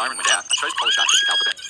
Siren went out. I chose Polish artistic alphabet.